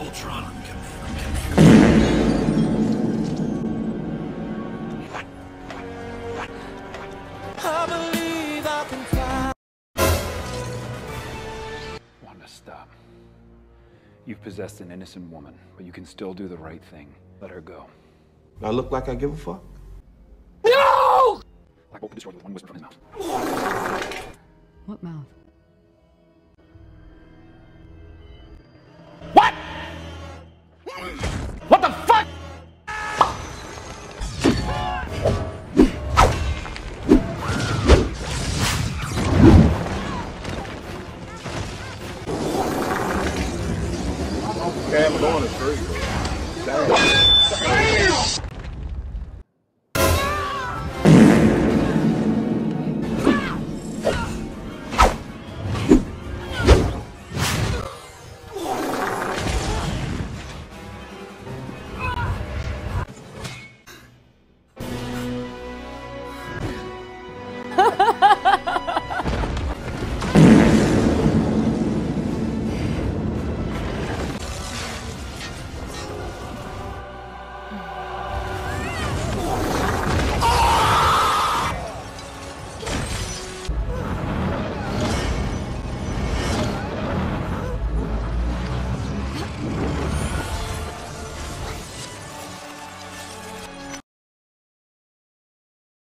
Ultron command. I believe I can fly. Wanda, stop. You've possessed an innocent woman, but you can still do the right thing. Let her go. I look like I give a fuck? No! Black Bolt can destroy with one whisper from his mouth. What mouth? Okay, I'm going to three, bro. Damn.